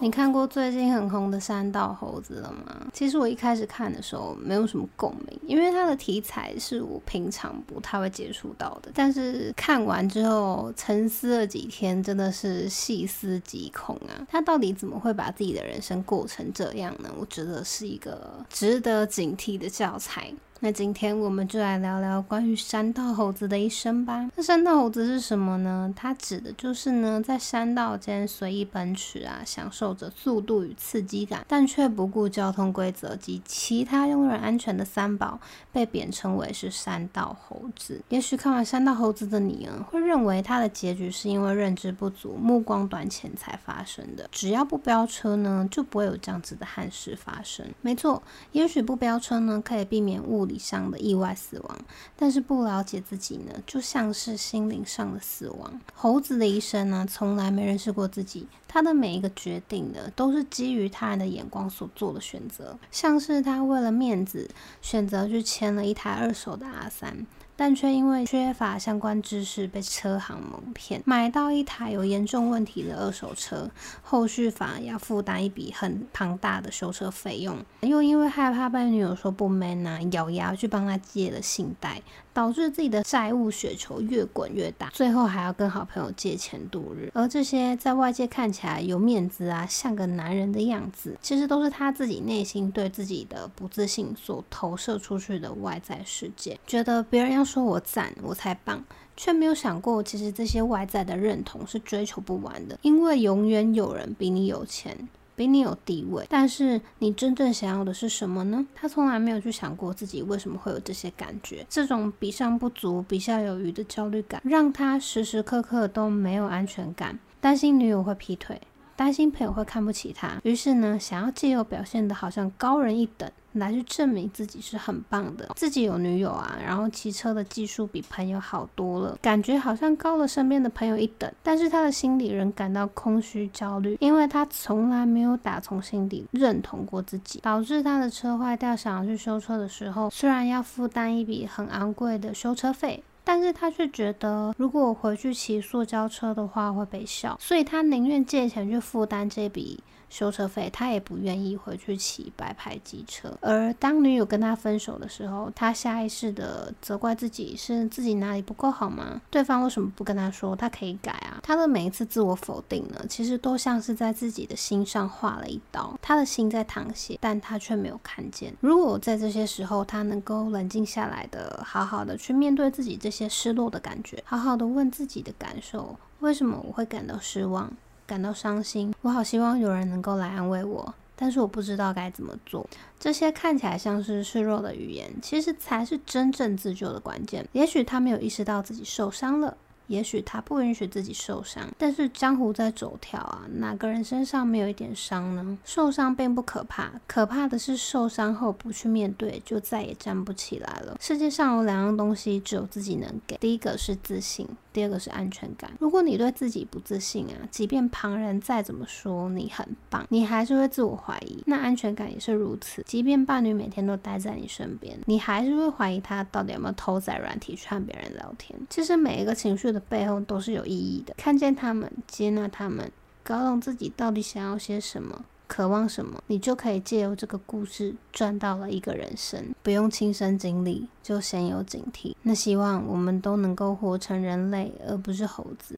你看過最近很紅的《山道猴子》了嗎？其實我一開始看的時候沒有什麼共鳴，因為它的題材是我平常不太會接觸到的。但是看完之後，沉思了幾天，真的是細思極恐啊！他到底怎麼會把自己的人生過成這樣呢？我覺得是一個值得警惕的教材。那今天我們就來聊聊關於山道猴子的一生吧。那山道猴子是什麼呢？它指的就是呢，在山道間隨意奔馳啊，享受着速度與刺激感，但卻不顧交通規則及其他行人安全的三寶，被貶稱為是山道猴子。也許看完山道猴子的你呢，會認為他的結局是因為認知不足、目光短淺才發生的。只要不飆車呢，就不會有這樣子的憾事發生。沒錯，也許不飆車呢，可以避免物理上的意外死亡，但是不了解自己呢，就像是心靈上的死亡。猴子的一生呢，從來沒認識過自己，他的每一個決定呢，都是基於他人的眼光所做的選擇，像是他為了面子選擇去牽了一台二手的 R3。但卻因為缺乏相關知識，被車行蒙騙，買到一台有嚴重問題的二手車，後續反而要負擔一筆很龐大的修車費用，又因為害怕被女友說不 man 啊，咬牙去幫他借了信貸，導致自己的債務雪球越滾越大，最後還要跟好朋友借錢度日。而這些在外界看起來有面子啊，像個男人的樣子，其實都是他自己內心對自己的不自信所投射出去的外在世界，覺得別人要。說我贊，我才棒，卻沒有想過，其實這些外在的認同是追求不完的，因為永遠有人比你有錢，比你有地位。但是你真正想要的是什麼呢？他從來沒有去想過自己為什麼會有這些感覺，這種比上不足，比下有餘的焦慮感，讓他時時刻刻都沒有安全感，擔心女友會劈腿，擔心朋友會看不起他，於是呢，想要借由表現得好像高人一等，來去證明自己是很棒的。自己有女友啊，然後騎車的技術比朋友好多了，感覺好像高了身邊的朋友一等。但是他的心裡仍感到空虛、焦慮，因為他從來沒有打從心底認同過自己，導致他的車壞掉，想要去修車的時候，雖然要負擔一筆很昂貴的修車費。但是他卻覺得，如果我回去騎塑膠車的話會被笑，所以他寧願借錢去負擔這筆。修車費，他也不願意回去騎白牌機車。而當女友跟他分手的時候，他下意識的責怪自己，是自己哪裡不夠好嗎？對方為什麼不跟他說，他可以改啊？他的每一次自我否定呢，其實都像是在自己的心上劃了一刀。他的心在淌血，但他卻沒有看見。如果我在這些時候，他能夠冷靜下來的，的好好的去面對自己這些失落的感覺，好好的問自己的感受，為什麼我會感到失望？感到傷心，我好希望有人能夠來安慰我，但是我不知道該怎麼做。這些看起來像是示弱的語言，其實才是真正自救的關鍵。也許他沒有意識到自己受傷了。也許他不允許自己受傷，但是江湖在走跳啊，哪個人身上沒有一點傷呢？受傷並不可怕，可怕的是受傷後不去面對，就再也站不起來了。世界上有兩樣東西只有自己能給，第一個是自信，第二個是安全感。如果你對自己不自信啊，即便旁人再怎麼說你很棒，你還是會自我懷疑。那安全感也是如此，即便伴侶每天都待在你身邊，你還是會懷疑他到底有沒有偷載軟體去和別人聊天。其實每一個情緒的。背後都是有意義的，看見他們，接納他們，搞懂自己到底想要些什麼，渴望什麼，你就可以借由這個故事賺到了一個人生，不用親身經歷就先有警惕。那希望我們都能夠活成人類，而不是猴子。